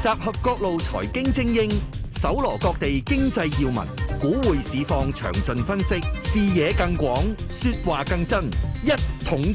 集合各路財經精英，搜羅各地經濟要聞，股匯市況詳盡分析，視野更廣，說話更真。一桶金。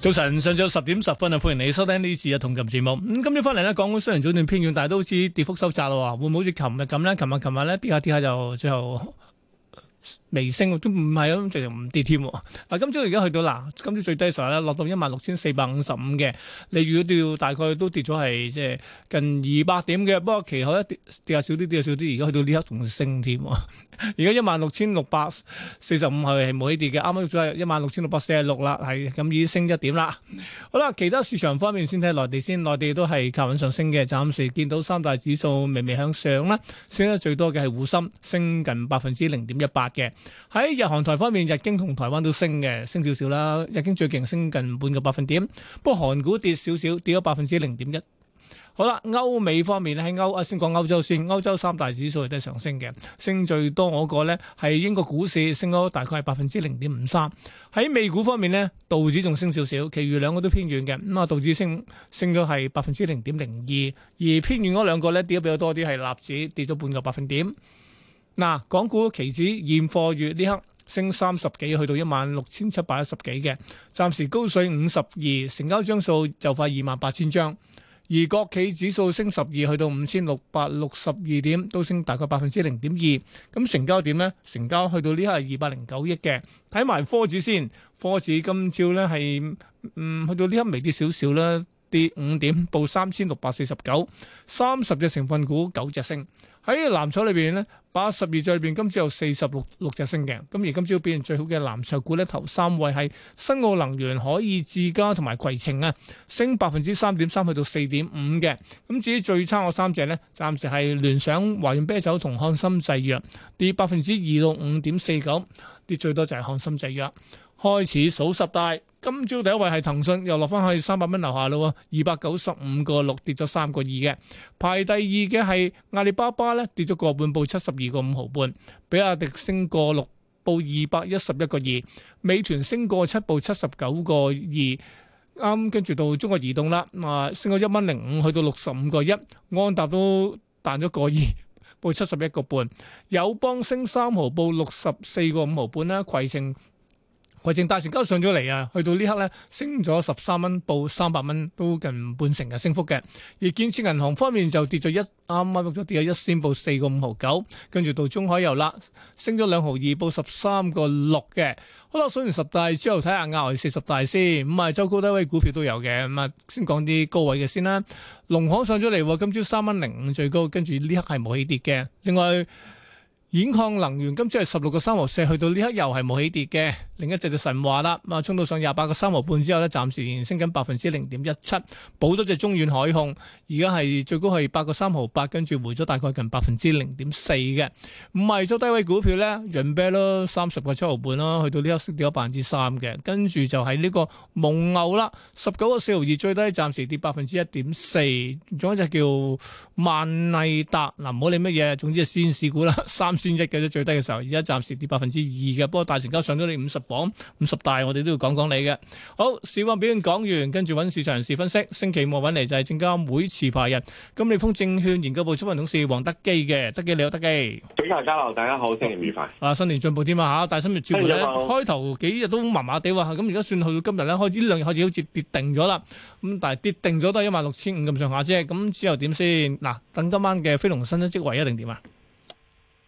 早晨，上晝十點十分啊！歡迎你收聽呢次嘅同琴節目。咁、嗯、今朝翻嚟呢，港股雖然早段偏軟，但係都好似跌幅收窄咯。會唔會好似琴日咁呢？琴日琴日呢，跌下跌下就最後。微升都唔係啊，直情唔跌添。嗱，今朝而家去到嗱，今朝最低時候咧落到一萬六千四百五十五嘅，你如果都要大概都跌咗係即係近二百點嘅。不過其後一跌跌下少啲，跌下少啲，而家去到呢一刻仲升添。而家一萬六千六百四十五係冇起跌嘅，啱啱再有一萬六千六百四十六啦，係咁已經升一點啦。好啦，其他市場方面先睇內地先，內地都係靠穩上升嘅，暫時見到三大指數微微向上啦，升得最多嘅係滬深，升近百分之零點一八。嘅喺日韓台方面，日經同台灣都升嘅，升少少啦。日經最勁，升近半個百分點。不過韓股跌少少，跌咗百分之零點一。好啦，歐美方面咧，喺歐啊，先講歐洲先。歐洲三大指數都係上升嘅，升最多嗰個咧係英國股市，升咗大概係百分之零點五三。喺美股方面呢，道指仲升少少，其餘兩個都偏軟嘅。咁啊，道指升升咗係百分之零點零二，而偏軟嗰兩個咧，跌得比較多啲，係納指跌咗半個百分點。嗱、啊，港股期指現貨月呢刻升三十幾，去到一萬六千七百一十幾嘅，暫時高水五十二，成交張數就快二萬八千張。而國企指數升十二，去到五千六百六十二點，都升大概百分之零點二。咁成交點呢，成交去到呢刻係二百零九億嘅。睇埋科指先，科指今朝呢係嗯去到呢刻微跌少少啦，跌五點，報三千六百四十九，三十隻成分股九隻升。喺藍籌裏邊咧，八十二隻裏邊，今朝有四十六六隻升嘅。咁而今朝表現最好嘅藍籌股咧，頭三位係新奧能源、可以自家同埋攜程啊，升百分之三點三去到四點五嘅。咁至於最差嘅三隻咧，暫時係聯想、華潤啤酒同漢森製藥，跌百分之二到五點四九，跌最多就係漢森製藥。開始數十大，今朝第一位係騰訊，又落翻去三百蚊樓下咯。二百九十五個六，跌咗三個二嘅，排第二嘅係阿里巴巴咧，跌咗個半，報七十二個五毫半，比亞迪升個六，報二百一十一個二，美團升個七，報七十九個二。啱跟住到中國移動啦，啊，升個一蚊零五，去到六十五個一，安踏都彈咗個二，報七十一個半，友邦升三毫部，報六十四個五毫半啦，攜程。國證大成交上咗嚟啊，去到呢刻咧升咗十三蚊，報三百蚊，都近半成嘅升幅嘅。而建設銀行方面就跌咗一啱，啱，咗跌咗一仙，報四個五毫九。跟住到中海油啦，升咗兩毫二，報十三個六嘅。好啦，數完十大之後，睇下亞外四十大先。咁啊，周高低位股票都有嘅。咁啊，先講啲高位嘅先啦。農行上咗嚟，今朝三蚊零五最高，跟住呢刻係冇起跌嘅。另外演抗能源，今朝係十六個三毫四，去到呢刻又係冇起跌嘅。另一隻就神華啦，咁啊衝到上廿八個三毫半之後咧，暫時升緊百分之零點一七，補多隻中遠海控，而家係最高係八個三毫八，跟住回咗大概近百分之零點四嘅。唔係做低位股票呢，雲啤咯，三十個七毫半啦，去到呢刻跌咗百分之三嘅。跟住就係呢個蒙牛啦，十九個四毫二，最低暫時跌百分之一點四。仲有一隻叫萬麗達，嗱唔好理乜嘢，總之係先市股啦，三，先一嘅啫，最低嘅時候，而家暫時跌百分之二嘅。不過大成交上咗你五十榜五十大，我哋都要講講你嘅。好，市況表現講完，跟住揾市場人士分析。星期五揾嚟就係證監會持牌人。金利豐證券研究部執行董事黃德幾嘅。德幾，你好，德幾，早上好，大家好，新年愉快。啊，新年進步添啊！嚇，但係今日主要咧，開頭幾日都麻麻地喎。咁而家算去到今日咧，開始呢兩日開始好似跌定咗啦。咁但係跌定咗都係一萬六千五咁上下啫。咁之後點先？嗱，等今晚嘅非農新職位一定點啊！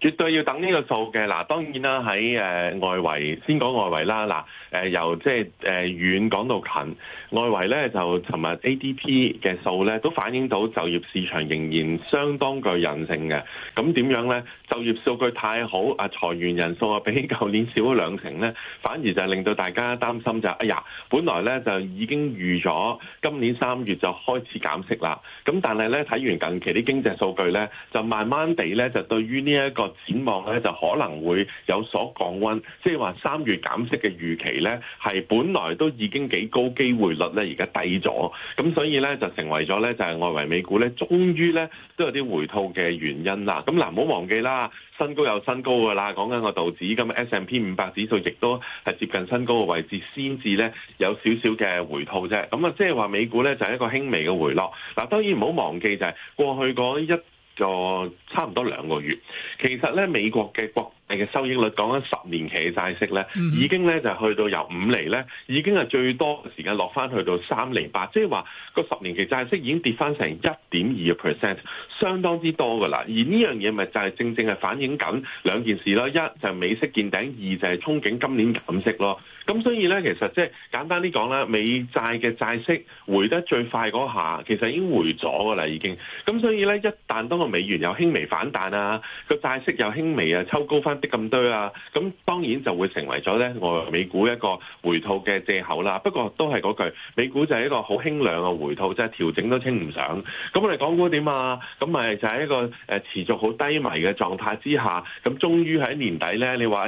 絕對要等呢個數嘅嗱，當然啦，喺誒外圍先講外圍啦，嗱由即係誒遠講到近，外圍咧就尋日 ADP 嘅數咧都反映到就業市場仍然相當具韌性嘅。咁點樣咧？就業數據太好啊，裁員人數啊比舊年少咗兩成咧，反而就令到大家擔心就，哎呀，本來咧就已經預咗今年三月就開始減息啦，咁但係咧睇完近期啲經濟數據咧，就慢慢地咧就對於呢一個展望咧就可能會有所降溫，即係話三月減息嘅預期咧，係本來都已經幾高機會率咧，而家低咗，咁所以咧就成為咗咧就係外圍美股咧，終於咧都有啲回吐嘅原因啦。咁嗱，唔好忘記啦，新高有新高噶啦，講緊個道指，咁 S M P 五百指數亦都係接近新高嘅位置，先至咧有少少嘅回吐啫。咁啊，即係話美股咧就係一個輕微嘅回落。嗱，當然唔好忘記就係過去嗰一。個差唔多兩個月，其實咧，美國嘅國嘅收益率講緊十年期嘅債息咧，已經咧就去到由五厘咧，已經係最多時間落翻去到三厘八，即係話個十年期債息已經跌翻成一點二 percent，相當之多噶啦。而呢樣嘢咪就係正正係反映緊兩件事咯，一就美息見頂，二就係憧憬今年減息咯。咁所以咧，其實即係簡單啲講啦，美債嘅債息回得最快嗰下，其實已經回咗噶啦，已經。咁所以咧，一旦當個美元又輕微反彈啊，個債息又輕微啊抽高翻。啲咁多啊，咁當然就會成為咗咧外美股一個回吐嘅藉口啦。不過都係嗰句，美股就係一個好輕量嘅回吐，即係調整都稱唔上。咁我哋港股點啊？咁咪就係一個誒持續好低迷嘅狀態之下，咁終於喺年底咧，你話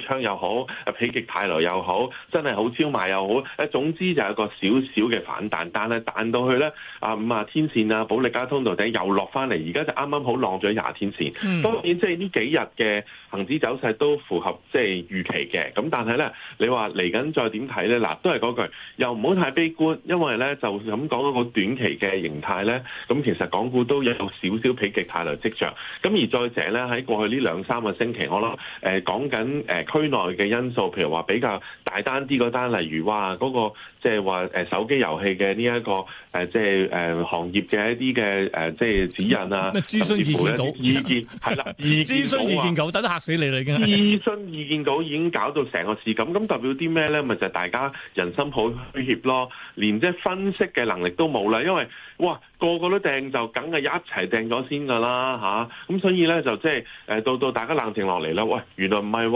槍又好，否極泰來又好，真係好超賣又好，誒總之就有個少少嘅反彈，但係彈到去咧，啊五十天線啊，保力加通道頂又落翻嚟，而家就啱啱好浪咗廿天線。當然即係呢幾日嘅恆指走勢都符合即係預期嘅，咁但係咧，你話嚟緊再點睇咧？嗱，都係嗰句，又唔好太悲觀，因為咧就咁講嗰個短期嘅形態咧，咁其實港股都有少少否極泰來跡象。咁而再者咧，喺過去呢兩三個星期，我諗誒、呃、講緊誒。呃區內嘅因素，譬如話比較大單啲嗰單，例如話嗰、那個即係話誒手機遊戲嘅呢一個誒即係誒行業嘅一啲嘅誒即係指引啊，諮詢意見稿意見係啦，諮詢意見稿，等得嚇死你啦已經。諮詢意見稿已經搞到成個市咁，咁 代表啲咩咧？咪就係、是、大家人心抱虛怯咯，連即係分析嘅能力都冇啦，因為哇個個都掟就，梗係一齊掟咗先㗎啦吓，咁、啊、所以咧就即係誒到到大家冷靜落嚟啦，喂原來唔係。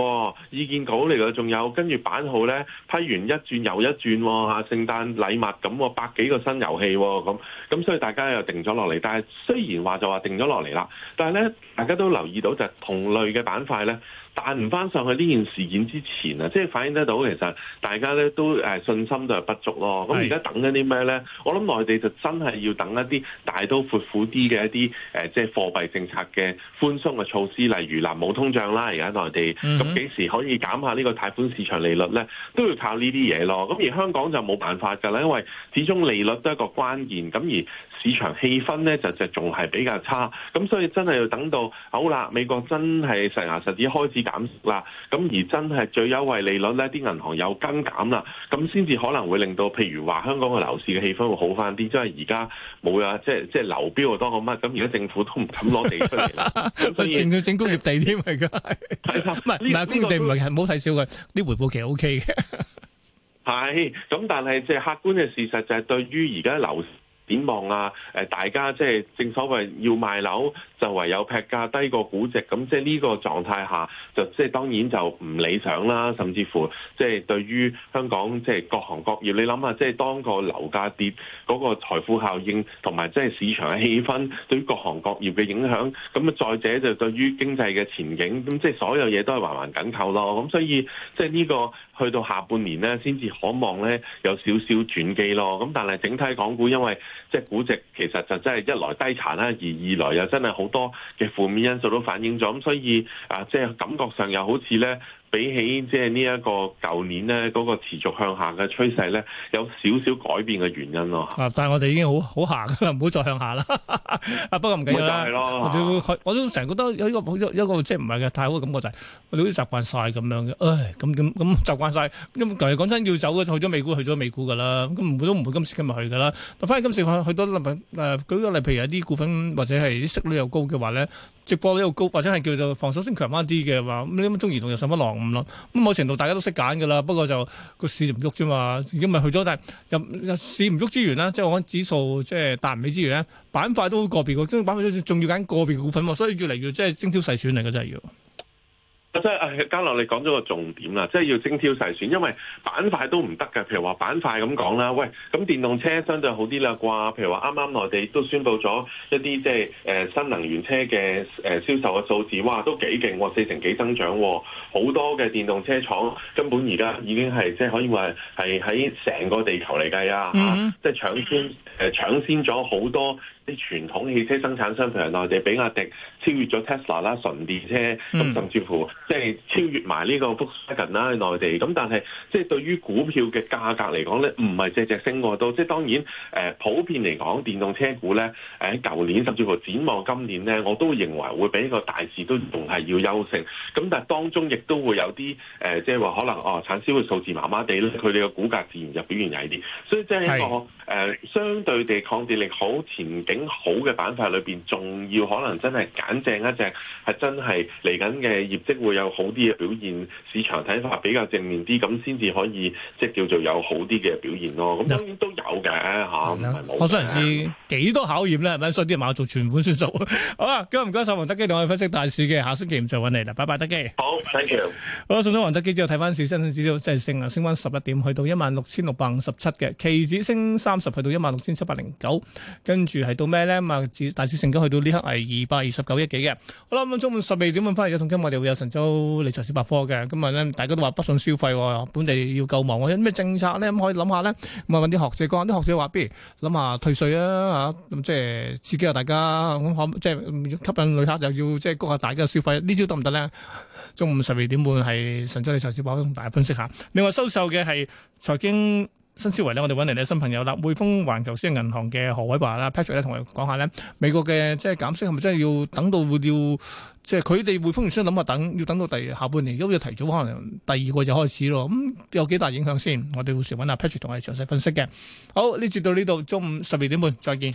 意見稿嚟㗎，仲有跟住版號咧批完一轉又一轉、哦，吓聖誕禮物咁喎、哦，百幾個新遊戲咁、哦，咁所以大家又定咗落嚟。但係雖然話就話定咗落嚟啦，但係咧大家都留意到就係同類嘅板塊咧。但唔翻上去呢件事件之前啊，即係反映得到其實大家咧都信心都係不足咯。咁而家等緊啲咩咧？我諗內地就真係要等一啲大刀闊斧啲嘅一啲、呃、即係貨幣政策嘅寬鬆嘅措施，例如南冇通脹啦。而家內地咁幾、嗯、哼時可以減下呢個貸款市場利率咧？都要靠呢啲嘢咯。咁而香港就冇辦法㗎啦，因為始終利率都係一個關鍵。咁而市場氣氛咧就就仲係比較差。咁所以真係要等到好啦，美國真係實牙實齒開始。減啦，咁而真係最優惠利率咧，啲銀行有更減啦，咁先至可能會令到，譬如話香港嘅樓市嘅氣氛會好翻啲。即係而家冇啊，即係即係流標又多過乜，咁而家政府都唔敢攞地出嚟啦。佢仲要整工業地添，係噶 的，係啊是，唔係呢個是、這個、地唔係，係唔好睇小佢，啲回報其實 O K 嘅。係， 咁但係即係客觀嘅事實就係，對於而家樓市，點望啊？大家即係正所謂要賣樓就唯有劈價低過估值，咁即係呢個狀態下，就即係當然就唔理想啦。甚至乎即係對於香港即係各行各業，你諗下，即係當個樓價跌，嗰個財富效應同埋即係市場嘅氣氛對於各行各業嘅影響，咁啊，再者就對於經濟嘅前景，咁即係所有嘢都係環環緊扣咯。咁所以即係呢個去到下半年咧，先至可望咧有少少轉機咯。咁但係整體港股因為即係估值，其實就真係一來低殘啦，而二來又真係好多嘅負面因素都反映咗，咁所以啊，即係感覺上又好似咧。比起即係呢一個舊年咧嗰個持續向下嘅趨勢咧，有少少改變嘅原因咯。啊！但係我哋已經好好行㗎啦，唔好再向下啦。啊， 不過唔緊要啦，我會，我都成日覺得有一個，有一個即係唔係嘅太好嘅感覺就係，我哋好似習慣晒咁樣嘅。唉，咁咁咁習慣晒。因為其實講真要走嘅去咗美股，去咗美股噶啦，咁唔都唔會今時今日去噶啦。但反而今時去多到例品舉個例譬如有啲股份或者係啲息率又高嘅話咧。直播呢度高或者係叫做防守性強翻啲嘅話，咁啲乜中移動又上翻浪五咯，咁某程度大家都識揀㗎啦。不過就個市唔喐啫嘛，而家咪去咗，但係又又市唔喐之餘啦。即我講指數即係達唔起之餘咧，板塊都好個別，即係板塊都仲要揀個別嘅股份，所以越嚟越即係精挑細選嚟嘅真係要。即係，嘉樂你講咗個重點啦，即係要精挑細選，因為板塊都唔得嘅。譬如話板塊咁講啦，喂，咁電動車相對好啲啦啩？譬如話啱啱內地都宣布咗一啲即係誒新能源車嘅誒、呃、銷售嘅數字，哇，都幾勁喎，四成幾增長喎，好多嘅電動車廠根本而家已經係即係可以話係喺成個地球嚟計啊，mm hmm. 即係搶先誒、呃、搶先咗好多。啲傳統汽車生產商譬如內地，比亞迪超越咗 Tesla 啦，純電車，咁甚至乎即係超越埋呢個福特啦內地。咁但係即係對於股票嘅價格嚟講咧，唔係隻隻升喎都。即係當然誒，呃，普遍嚟講，電動車股咧誒喺舊年甚至乎展望今年咧，我都認為會比呢個大市都仲係要優勝。咁但係當中亦都會有啲誒，即係話可能哦，呃，產銷嘅數字麻麻地咧，佢哋嘅股價自然就表現曳啲。所以即係一個誒，相對地抗跌力好，前景。好嘅板塊裏邊，仲要可能真係揀正一隻，係真係嚟緊嘅業績會有好啲嘅表現，市場睇法比較正面啲，咁先至可以即係叫做有好啲嘅表現咯。咁當然都有嘅嚇，唔係冇。我想問下幾多考驗咧？係咪所以啲人買咗做全款算數？ 好啦、啊，今日唔該晒黃德幾同我哋分析大市嘅，下星期五再揾你啦，拜拜，德幾。好，thank you。好，順便黃德幾之後睇翻市，恒生指數即係升啊，升翻十一點，去到一萬六千六百五十七嘅，期指升三十，去到一萬六千七百零九，跟住係做咩咧？啊，大市成交去到呢刻係二百二十九億幾嘅。好啦，咁中午十二點半翻嚟嘅，同今日我哋會有神州理財小百科嘅。今日咧，大家都話不想消費，本地要救亡，有咩政策咧？咁可以諗下咧。咁啊，啲學者講，啲學者話，不如諗下退稅啊，吓咁即係刺激下大家。咁可即係吸引旅客，又要即係谷下大家嘅消費。呢招得唔得咧？中午十二點半係神州理財小百科同大家分析下。另外，收售嘅係財經。新思維咧，我哋搵嚟咧新朋友啦，匯豐環球商業銀行嘅何偉華啦，Patrick 咧同我講下咧，美國嘅即係減息係咪真係要等到要即係佢哋匯豐銀行諗下等，要等到第下半年，如果要提早，可能第二個就開始咯。咁、嗯、有幾大影響先？我哋到時搵阿 Patrick 同我哋詳細分析嘅。好，呢節到呢度，中午十二點半，再見。